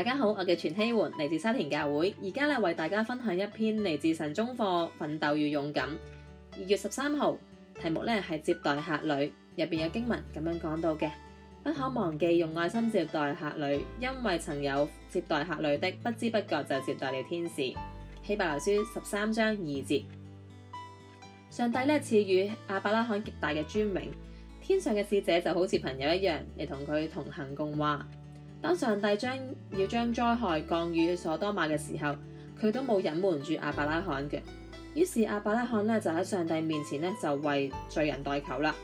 大家好，我叫全希煥，嚟自沙田教會，而家咧為大家分享一篇嚟自神中課《奮鬥與勇敢》二月十三號，題目咧係接待客旅，入邊有經文咁樣講到嘅，不可忘記用愛心接待客旅，因為曾有接待客旅的不知不覺就接待了天使。希伯來書十三章二節，上帝呢賜予阿伯拉罕極大嘅尊名，天上嘅使者就好似朋友一樣嚟同佢同行共話。當上帝將要將災害降於所多瑪嘅時候，佢都冇隱瞞住亞伯拉罕嘅。於是亞伯拉罕咧就喺上帝面前咧就為罪人代求啦。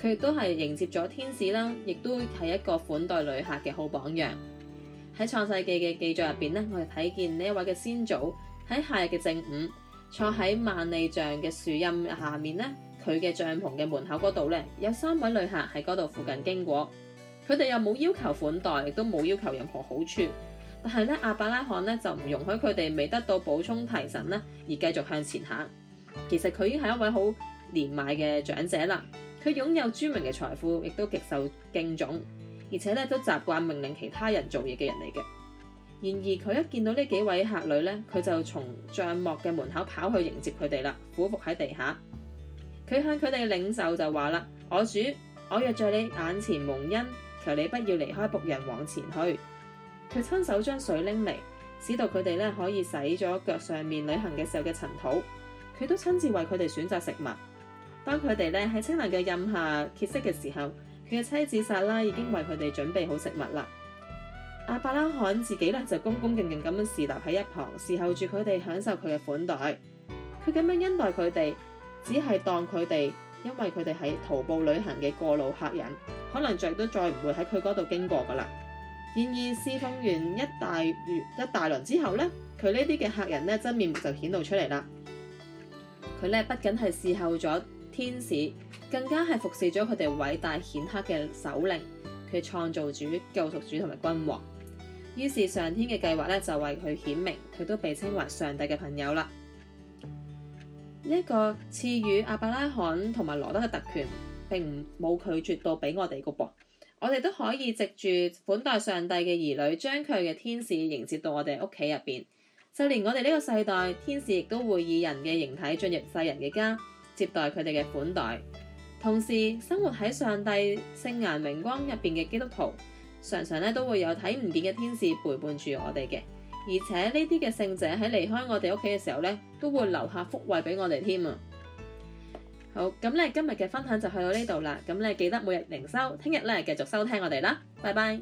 佢亦都係迎接咗天使啦，亦都係一個款待旅客嘅好榜樣。喺創世記嘅記載入邊咧，我哋睇見呢一位嘅先祖喺夏日嘅正午，坐喺幔利橡嘅樹蔭下面咧，佢嘅帳篷嘅門口嗰度咧，有三位旅客喺嗰度附近經過。佢哋又冇要求款待，亦都冇要求任何好處。但係咧，亞伯拉罕咧就唔容許佢哋未得到補充提神咧而繼續向前行。其實佢已經係一位好年邁嘅長者啦。佢擁有著名嘅財富，亦都極受敬重，而且咧都習慣命令其他人做嘢嘅人嚟嘅。然而佢一見到呢幾位客旅咧，佢就從帳幕嘅門口跑去迎接佢哋啦，俯伏喺地下。佢向佢哋嘅領袖就話啦：「我主，我若在你眼前蒙恩。求你不要離開僕人往前去。佢親手將水拎嚟，使到佢哋咧可以洗咗腳上面旅行嘅時候嘅塵土。佢都親自為佢哋選擇食物。當佢哋咧喺清涼嘅蔭下歇息嘅時候，佢嘅妻子撒拉已經為佢哋準備好食物啦。亞伯拉罕自己咧就恭恭敬敬咁樣侍立喺一旁，侍候住佢哋享受佢嘅款待。佢咁樣恩待佢哋，只係當佢哋因為佢哋係徒步旅行嘅過路客人。可能再都再唔會喺佢嗰度經過噶啦。然而侍奉完一大月一大輪之後咧，佢呢啲嘅客人咧真面目就顯露出嚟啦。佢咧不僅係侍候咗天使，更加係服侍咗佢哋偉大顯赫嘅首領，佢創造主、救贖主同埋君王。於是上天嘅計劃咧就為佢顯明，佢都被稱為上帝嘅朋友啦。呢、這、一個賜予亞伯拉罕同埋羅得嘅特權。並唔冇拒絕到俾我哋個噃，我哋都可以藉住款待上帝嘅兒女，將佢嘅天使迎接到我哋屋企入邊。就連我哋呢個世代，天使亦都會以人嘅形體進入世人嘅家，接待佢哋嘅款待。同時，生活喺上帝聖顏榮光入邊嘅基督徒，常常咧都會有睇唔見嘅天使陪伴住我哋嘅，而且呢啲嘅聖者喺離開我哋屋企嘅時候咧，都會留下福惠俾我哋添啊！好，咁咧今日嘅分享就去到呢度啦。咁咧記得每日靈修，聽日咧繼續收聽我哋啦。拜拜。